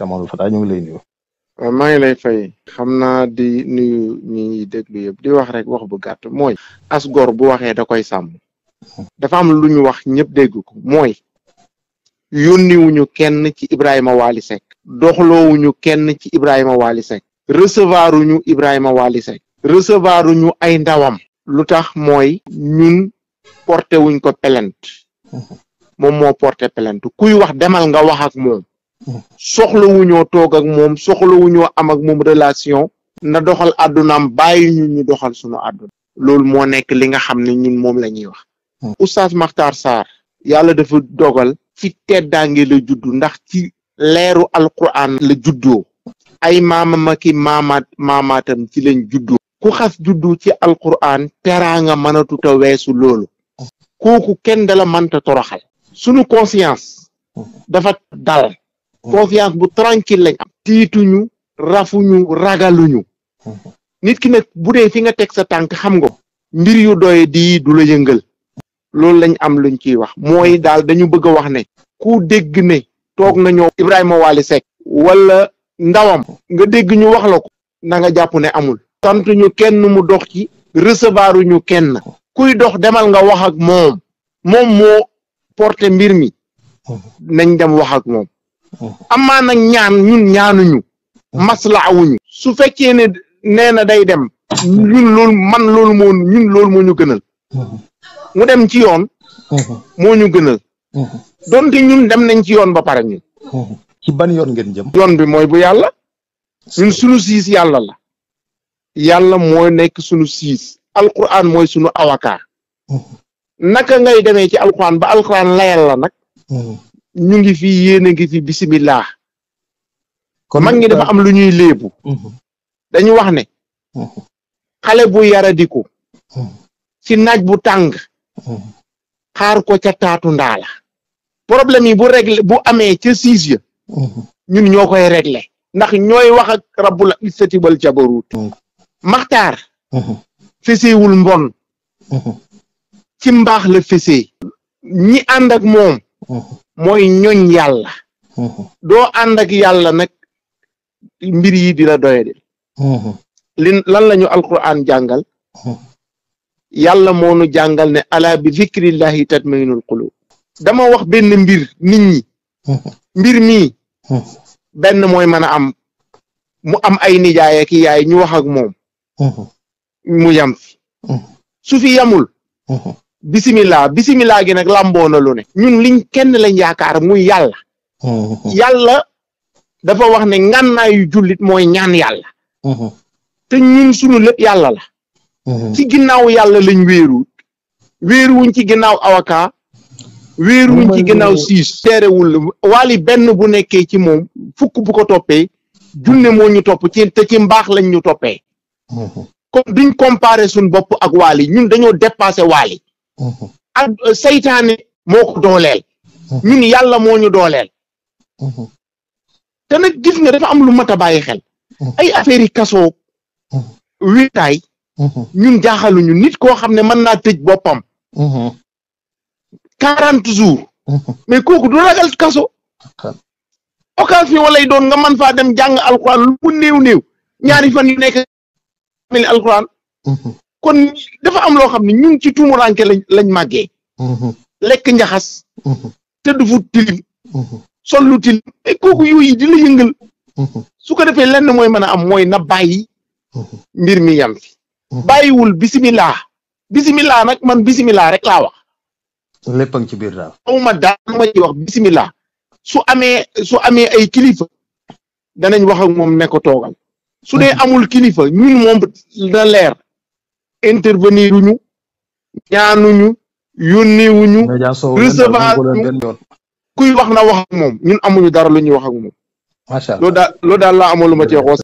Cheikh Mamadou Fata ngi lay nuyu. Euh, maa xam naa di nuyu ñi di wax rek wax bu gàtt mooy. as gor bu waxee da koy sàmm. dafa am lu ñu wax ñëpp dégg ko mooy. yónniwuñu kenn ci Ibrahima Wali Seck. doxloowuñu kenn ci Ibrahima Wali Seck. recevoir uñu Ibrahima Wali Seck. uñu ay ndawam. lu tax mooy ñun porté wuñ ko plainte. moom moo porte plainte kuy wax demal nga wax ak moom. soxlawuñoo toog ak moom soxlawuñoo am ak moom relation na doxal àddunaam bàyyi ñu ñu doxal suñu àdduna loolu moo nekk li nga xam ne ñun moom la ñuy wax hmm. oustaz Makhtar Sarr yàlla dafa dogal ci teddaange la juddu ndax ci leeru alquran la juddoo ay maamama ki maamaat ci lañ juddoo ku xas juddu ci alquran teraanga mënatu ta weesu loolu kooku kenn dala mënta toroxal sunu conscience hmm. dafa dal Mmh. confiance bu tranquille lañ am. tiituñu rafuñu ragaluñu. Mmh. nit ki nag bu dee fi nga teg sa tànk xam nga. mbir yu doye di du la yëngal. loolu lañ am luñ ciy wax mooy mmh. daal dañu bëgg a wax ne. ku dégg ne toog nañoo Ibrahima Wally Seck wala ndawam. nga dégg ñu wax la ko. na nga jàpp ne amul. sant ñu kenn mu dox ci. recevoir ñu kenn. kuy dox demal nga wax ak moom. moom moo porté mbir mi. nañ dem wax ak moom. amaa nag ñaan ñun ñaanuñu maslaawuñu su fekkee ne na day dem ñun loolu man loolu moo ñun loolu ñu gënal mu dem ci yoon moo ñu gënal donte ñun dem nañ ci yoon ba pare ñun ci ban yoon ngeen jëm yoon bi mooy bu yàlla ñun sunu siis yàlla la yàlla mooy nekk sunu siis alquran mooy sunu awaka naka ngay demee ci alquran ba alquran layal la nag ñu ngi fi yéen a ngi fi bisimilah. kon mag ñi dafa am lu ñuy léebu. Mhm. dañu wax ne. Mhm. xale bu yaradiku. Mhm. ci naaj bu tàng. xaar ko ca taatu ndaala. problème yi bu réglé bu amee ca siis ñoo koy réglé. ndax ñooy wax ak rabbul izzati wal jabaruut. maxtaar. feseewul mbon. ci mbaax la fesee. ñi ànd moom. mooy ñoñ yàlla mm-hmm. doo ànd yàlla nag mbir yi di la mm-hmm. lan lañu ñu alquran jàngal mm-hmm. yàlla moonu jàngal ne ala bi zikrillahi tatmainul qulub dama wax benn mbir nit ñi mbir mii benn mooy mën a am mu am ay nijaay ak yaay ñu wax ak moom mu yam fi yamul bisimilaa bisimilaa gi nag làmboo na ñun liñ kenn lañ yaakaar muy yàlla oh, oh, oh. yàlla dafa wax ne ngànnaayu julit mooy ñaan yàlla te ñun sunu lépp yàlla la ci ginnaaw yàlla lañ wéeru wéeruwuñ ci ginnaaw avocat wéeruwuñ ci ginnaaw siis teerewul wali benn bu nekkee ci moom fukk bu ko toppee junne moo ñu topp ci te ci mbaax lañ ñu toppee comme duñ comparé suñ bopp ak waali ñun dañoo dépassé waali ak saytaane moo ko dooleel mm-hmm. ñun yàlla moo ñu dooleel mm-hmm. te nag gis nga dafa am lu mat a bàyyi xel mm-hmm. ay affaire kaso kasoo wéetaay ñun jaaxaluñu nit koo xam ne mën naa tëj boppam quarante jours mais kooku du ragal kaso occasion walay doon nga mën fa dem jàng alxuraan lu mu néew néew ñaari fan yu nekk mel alxuraan kon dafa am loo xam ne ñun ci tuumuranke lañ lañ màggee. Mm-hmm. lekk njaxas. Mm-hmm. tëdd fu tilim. Mm-hmm. sol tilim et kooku yooyu di la yëngal. su ko defee lenn mooy mën a am mooy na bàyyi. mbir mi yam fi. bàyyiwul bisimilah. bisimilah nag man bisimilah rek laa wax. lépp ci biir daal. xaw ma daal wax bisimilah. su amee su amee ay kilifa. danañ wax ak moom ne ko dee amul kilifa ñun moom dina leer. intervenir ñu ñaanuñu yónniwuñu recevoir ñu kuy wax na wax ak ñun amuñu dara lu ñuy wax ak moom. macha allah loolu daal loolu daal laa amoon lu ma cee